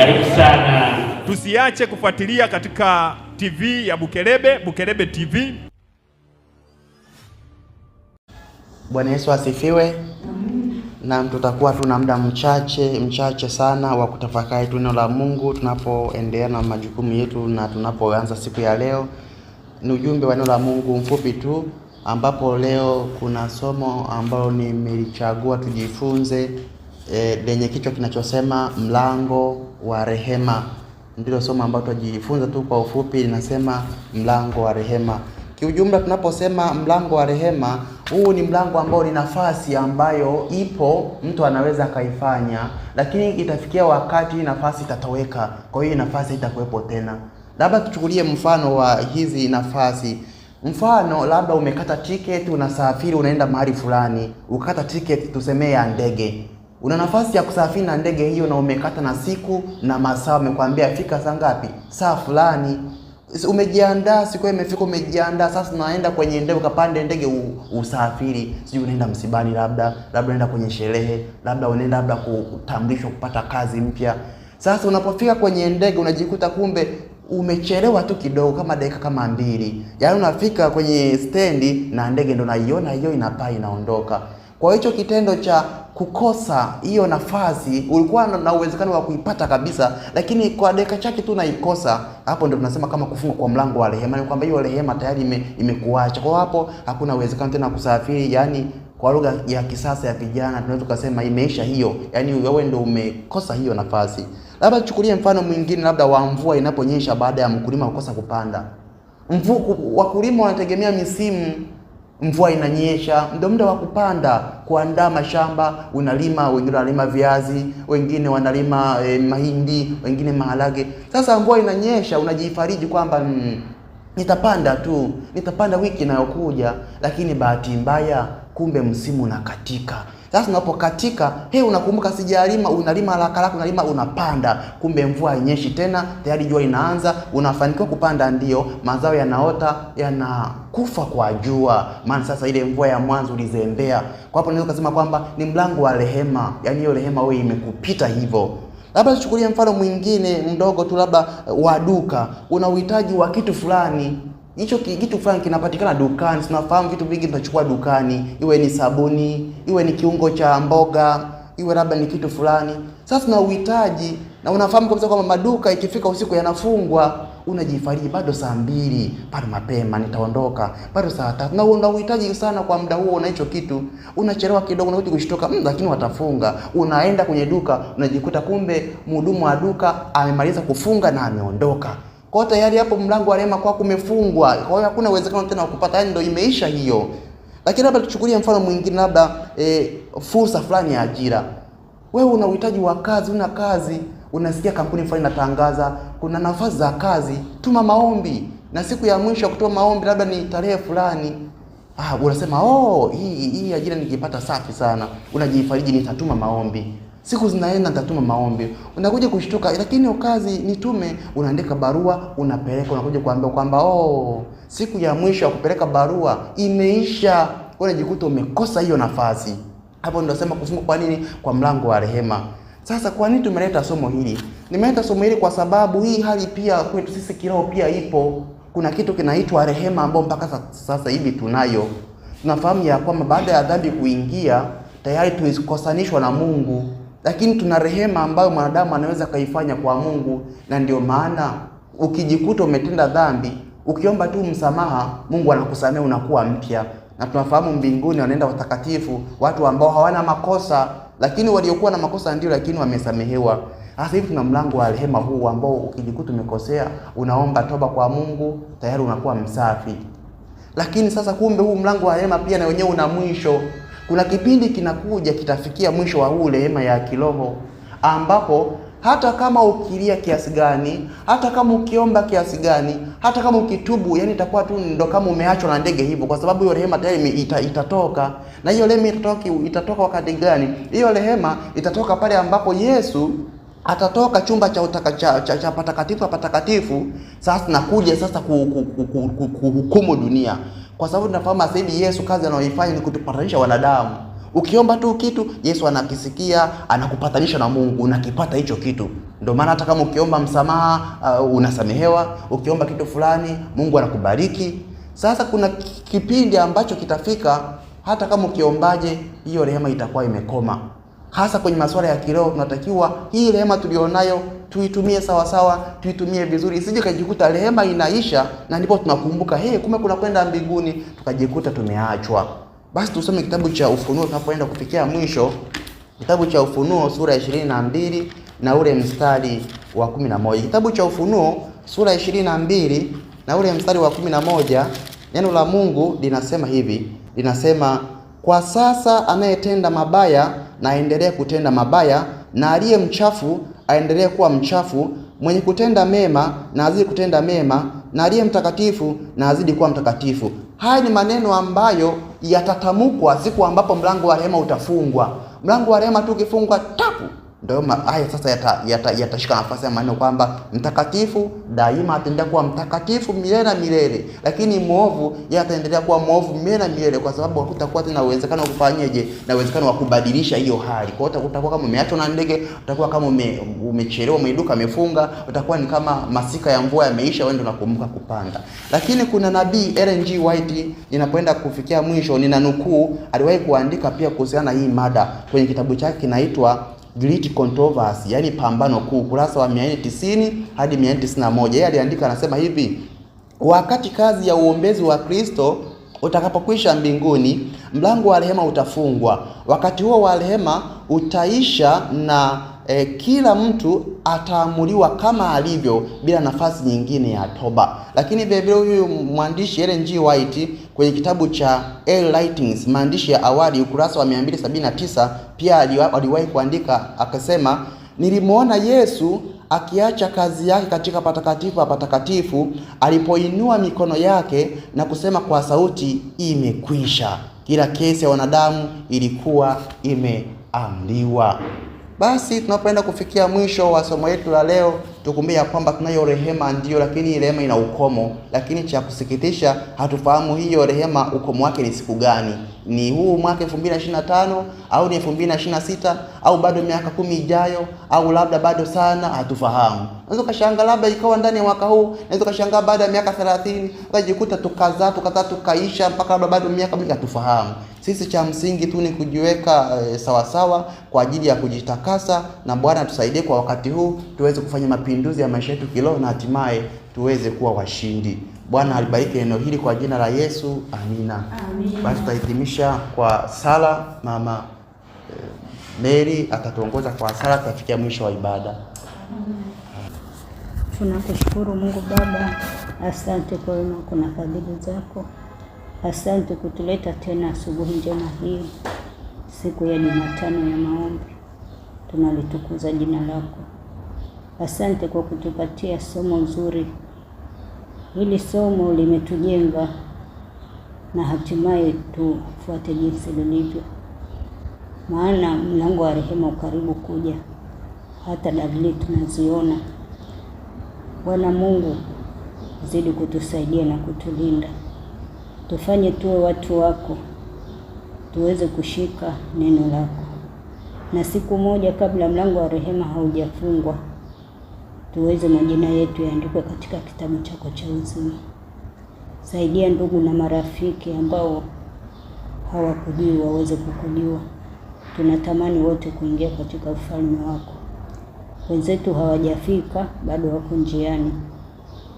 Karibu sana. Tusiache kufuatilia katika TV ya Bukelebe, Bukelebe TV. Bwana Yesu asifiwe. Naam, tutakuwa tuna muda mchache mchache sana wa kutafakari tu neno la Mungu tunapoendelea na majukumu yetu na tunapoanza siku ya leo. Ni ujumbe wa neno la Mungu mfupi tu, ambapo leo kuna somo ambalo nimelichagua tujifunze e, lenye kichwa kinachosema mlango wa rehema. Ndilo somo ambalo tutajifunza tu kwa ufupi, linasema mlango wa rehema. Kiujumla, tunaposema mlango wa rehema, huu ni mlango ambao ni nafasi ambayo ipo, mtu anaweza akaifanya, lakini itafikia wakati nafasi itatoweka. Kwa hiyo nafasi itakuwepo tena. Labda tuchukulie mfano wa hizi nafasi. Mfano labda umekata tiketi, unasafiri unaenda mahali fulani, ukakata tiketi tusemee ya ndege Una nafasi ya kusafiri na ndege hiyo na umekata na siku na masaa, umekwambia fika saa ngapi, saa fulani. Umejiandaa, siku imefika, umejiandaa. Sasa unaenda kwenye ndege, ukapande ndege usafiri, sijui unaenda msibani, labda labda unaenda kwenye sherehe, labda unaenda labda kutambulishwa, kupata kazi mpya. Sasa unapofika kwenye ndege unajikuta kumbe umechelewa tu kidogo kama dakika kama mbili, yaani unafika kwenye stendi na ndege ndo naiona hiyo inapaa inaondoka. Kwa hicho kitendo cha kukosa hiyo nafasi, ulikuwa na uwezekano wa kuipata kabisa, lakini kwa dakika chache tu naikosa. Hapo ndio tunasema kama kufunga kwa mlango wa rehema, ni kwamba hiyo rehema tayari ime, imekuacha kwa hapo, hakuna uwezekano tena kusafiri. Yani kwa lugha ya kisasa ya vijana tunaweza tukasema imeisha hiyo, yani wewe ndio umekosa hiyo nafasi. Labda tuchukulie mfano mwingine, labda wa mvua inaponyesha baada ya mkulima kukosa kupanda. Mvua, wakulima wanategemea misimu mvua inanyesha, ndio muda wa kupanda, kuandaa mashamba. Unalima, wengine wanalima viazi, wengine wanalima e, mahindi, wengine maharage. Sasa mvua inanyesha, unajifariji kwamba mm, nitapanda tu, nitapanda wiki inayokuja, lakini bahati mbaya, kumbe msimu unakatika. Sasa unapokatika he, unakumbuka sijalima, unalima haraka haraka, unalima unapanda, kumbe mvua inyeshi tena, tayari jua inaanza. Unafanikiwa kupanda, ndio mazao yanaota, yanakufa kwa jua, maana sasa ile mvua ya mwanzo ulizembea. Kwa hapo naweza kusema kwamba ni mlango wa rehema, yaani hiyo rehema wewe imekupita hivyo. Labda tuchukulie mfano mwingine mdogo tu, labda wa duka, una uhitaji wa kitu fulani hicho kitu fulani kinapatikana dukani. Tunafahamu vitu vingi tunachukua dukani, iwe ni sabuni, iwe ni kiungo cha mboga, iwe labda ni kitu fulani. Sasa tuna uhitaji na unafahamu kabisa kwamba maduka ikifika usiku yanafungwa, unajifariji bado saa mbili, bado mapema nitaondoka, bado saa tatu, na una uhitaji sana kwa muda huo, una hicho kitu, unachelewa kidogo, unakuja kushtoka mmm, lakini watafunga. Unaenda kwenye duka unajikuta kumbe mhudumu wa duka amemaliza kufunga na ameondoka. Kwa tayari hapo mlango wa rehema kwako umefungwa. Kwa hiyo hakuna uwezekano tena wa kupata, yani ndio imeisha hiyo. Lakini labda tuchukulie mfano mwingine, labda e, fursa fulani ya ajira. Wewe una uhitaji wa kazi, una kazi, unasikia kampuni fulani inatangaza kuna nafasi za kazi, tuma maombi, na siku ya mwisho ya kutoa maombi labda ni tarehe fulani. Ah, unasema oh, hii hii ajira nikipata safi sana, unajifariji, nitatuma maombi. Siku zinaenda nitatuma maombi, unakuja kushtuka, lakini ukazi nitume, unaandika barua unapeleka, unakuja kuambia kwamba oh, siku ya mwisho ya kupeleka barua imeisha. Unajikuta umekosa hiyo nafasi. Hapo ndio nasema kufungwa. Kwa nini? Kwa mlango wa rehema. Sasa kwa nini tumeleta somo hili? Nimeleta somo hili kwa sababu hii hali pia kwetu sisi kiroho pia ipo. Kuna kitu kinaitwa rehema ambayo mpaka sasa hivi tunayo. Tunafahamu ya kwamba baada ya dhambi kuingia tayari tuikosanishwa na Mungu lakini tuna rehema ambayo mwanadamu anaweza kaifanya kwa Mungu, na ndio maana ukijikuta umetenda dhambi, ukiomba tu msamaha, Mungu anakusamea unakuwa mpya. Na tunafahamu mbinguni wanaenda watakatifu, watu ambao hawana makosa, lakini waliokuwa na makosa ndio, lakini wamesamehewa. Sasa hivi tuna mlango wa rehema huu ambao ukijikuta umekosea, unaomba toba kwa Mungu, tayari unakuwa msafi. Lakini sasa kumbe huu mlango wa rehema pia na wenyewe una mwisho. Kuna kipindi kinakuja kitafikia mwisho wa huu rehema ya kiroho ambapo hata kama ukilia kiasi gani, hata kama ukiomba kiasi gani, hata kama ukitubu, yani itakuwa tu ndo kama umeachwa na ndege hivyo, kwa sababu hiyo rehema tayari ita, itatoka. Na hiyo rehema itatoka, itatoka wakati gani? Hiyo rehema itatoka pale ambapo Yesu atatoka chumba cha utaka, cha, cha, cha patakatifu patakatifu. Sasa nakuja sasa kuhukumu ku, ku, ku, ku, dunia kwa sababu tunafahamu sasa hivi Yesu kazi anayoifanya ni kutupatanisha wanadamu. Ukiomba tu kitu Yesu anakisikia, anakupatanisha na Mungu, unakipata hicho kitu. Ndio maana hata kama ukiomba msamaha uh, unasamehewa. Ukiomba kitu fulani Mungu anakubariki. Sasa kuna kipindi ambacho kitafika, hata kama ukiombaje, hiyo rehema itakuwa imekoma hasa kwenye masuala ya kiroho, tunatakiwa hii rehema tulionayo tuitumie sawa sawa, tuitumie vizuri, isije kajikuta rehema inaisha na ndipo tunakumbuka hey, kumbe kuna kwenda mbinguni, tukajikuta tumeachwa. Basi tusome kitabu cha Ufunuo tunapoenda kufikia mwisho, kitabu cha Ufunuo sura ya ishirini na mbili na ule mstari wa kumi na moja. Kitabu cha Ufunuo sura ya ishirini na mbili na ule mstari wa kumi na moja, neno la Mungu linasema hivi, linasema kwa sasa anayetenda mabaya na aendelee kutenda mabaya, na aliye mchafu aendelee kuwa mchafu, mwenye kutenda mema na azidi kutenda mema, na aliye mtakatifu na azidi kuwa mtakatifu. Haya ni maneno ambayo yatatamkwa siku ambapo mlango wa rehema utafungwa. Mlango wa rehema tu ukifungwa tapu ndio haya sasa yatashika yata, yata nafasi ya maneno kwamba mtakatifu daima ataendelea kuwa mtakatifu milele na milele, lakini mwovu yeye ataendelea kuwa mwovu milele na milele, kwa sababu hakutakuwa tena uwezekano wa kufanyeje na uwezekano wa kubadilisha hiyo hali. Kwa hiyo utakuwa kama umeachwa na ndege, utakuwa kama ume, umechelewa umeiduka umefunga, utakuwa ni kama masika ya mvua yameisha, wewe ndio unakumbuka kupanda. Lakini kuna nabii Ellen G. White, ninapoenda kufikia mwisho, ninanukuu, aliwahi kuandika pia kuhusiana na hii mada kwenye kitabu chake kinaitwa Great Controversy, yani pambano kuu, kurasa wa 490 hadi 491. Yeye aliandika anasema hivi: wakati kazi ya uombezi wa Kristo utakapokwisha mbinguni, mlango wa rehema utafungwa. Wakati huo wa rehema utaisha na e, kila mtu ataamuliwa kama alivyo bila nafasi nyingine ya toba. Lakini vilevile huyu mwandishi Ellen G. White kwenye kitabu cha L Writings, maandishi ya awali, ukurasa wa 279 pia aliwahi kuandika akasema, nilimwona Yesu akiacha kazi yake katika patakatifu patakatifu alipoinua mikono yake na kusema kwa sauti, imekwisha. Kila kesi ya wanadamu ilikuwa imeamliwa basi tunapoenda kufikia mwisho wa somo letu la leo, tukumbie ya kwamba tunayo rehema ndiyo, lakini rehema ina ukomo. Lakini cha kusikitisha, hatufahamu hiyo rehema ukomo wake ni siku gani? Ni huu mwaka 2025 au ni 2026 au bado miaka kumi ijayo au labda bado sana, hatufahamu. Unaweza ukashangaa labda ikawa ndani ya mwaka huu, unaweza ukashangaa baada ya miaka 30 ukajikuta tukazaa tukazaa tukaisha mpaka labda bado miaka mingi, hatufahamu. Sisi cha msingi tu ni kujiweka e, sawasawa kwa ajili ya kujitakasa, na Bwana tusaidie kwa wakati huu tuweze kufanya mapi mapinduzi ya maisha yetu kiroho na hatimaye tuweze kuwa washindi. Bwana alibariki eneo hili kwa jina la Yesu, amina. Basi tutahitimisha kwa sala. Mama eh, Mary atatuongoza kwa sala, tutafikia mwisho wa ibada. Tunakushukuru Mungu Baba, asante kwa wema kuna fadhili zako, asante kutuleta tena asubuhi njema hii, siku ya Jumatano ya maombi. Tunalitukuza jina lako. Asante kwa kutupatia somo nzuri. Hili somo limetujenga na hatimaye tufuate jinsi lilivyo, maana mlango wa rehema ukaribu kuja. Hata dalili tunaziona. Bwana Mungu, zidi kutusaidia na kutulinda, tufanye tuwe watu wako, tuweze kushika neno lako, na siku moja kabla mlango wa rehema haujafungwa tuweze majina yetu yaandikwe katika kitabu chako cha uzima. Saidia ndugu na marafiki ambao hawakujui waweze kukujua Tunatamani wote kuingia katika ufalme wako. Wenzetu hawajafika bado, wako njiani,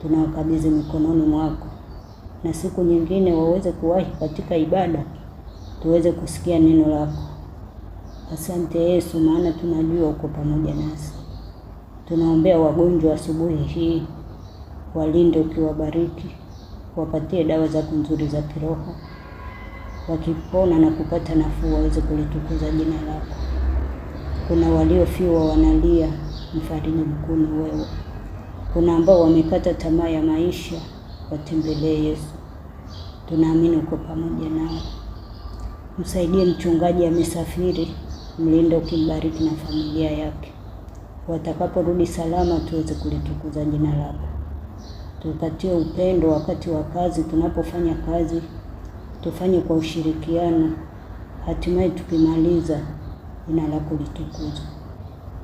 tunawakabidhi mikononi mwako, na siku nyingine waweze kuwahi katika ibada, tuweze kusikia neno lako. Asante Yesu, maana tunajua uko pamoja nasi. Tunaombea wagonjwa asubuhi hii, walinde ukiwabariki, wapatie dawa zako nzuri za kiroho, wakipona na kupata nafuu waweze kulitukuza jina lako. Kuna waliofiwa wanalia, mfariji mkuu ni wewe. Kuna ambao wamekata tamaa ya maisha, watembelee Yesu, tunaamini uko pamoja nao. Msaidie mchungaji amesafiri, mlinde ukimbariki na familia yake watakaporudi salama tuweze kulitukuza jina lako. Tupatie upendo wakati wa kazi, tunapofanya kazi tufanye kwa ushirikiano, hatimaye tukimaliza jina lako litukuzwe.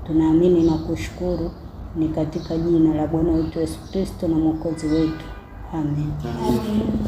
Tunaamini na kushukuru ni katika jina la Bwana wetu Yesu Kristo na Mwokozi wetu. Amen. Amen.